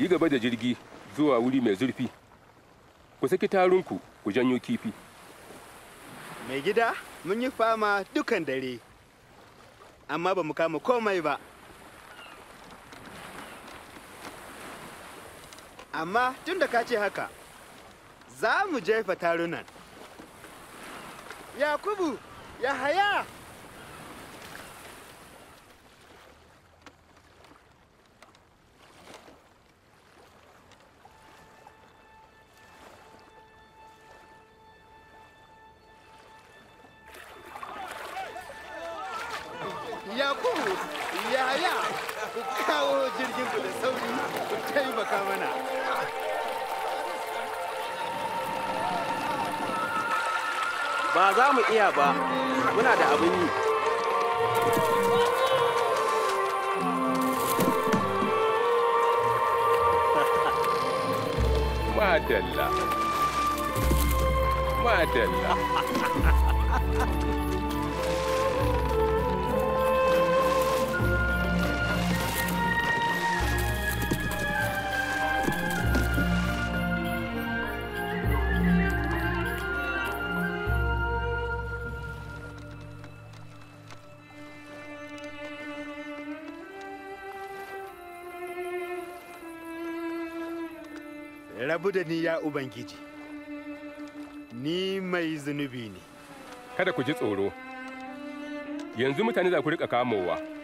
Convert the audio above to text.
yi gaba da jirgi zuwa wuri mai zurfi ku saki tarunku ku janyo kifi mai gida mun yi fama dukan dare amma ba mu kama komai ba amma tun da ka ce haka za mu jefa tarunan yakubu ya haya yakubu yaya ku kawo jirgin ku da sauri ku taimaka mana ba za mu iya ba muna da abin yi madalla madalla rabu da ni ya Ubangiji, ni mai zunubi ne. Kada ku ji tsoro, yanzu mutane za ku riƙa kamowa.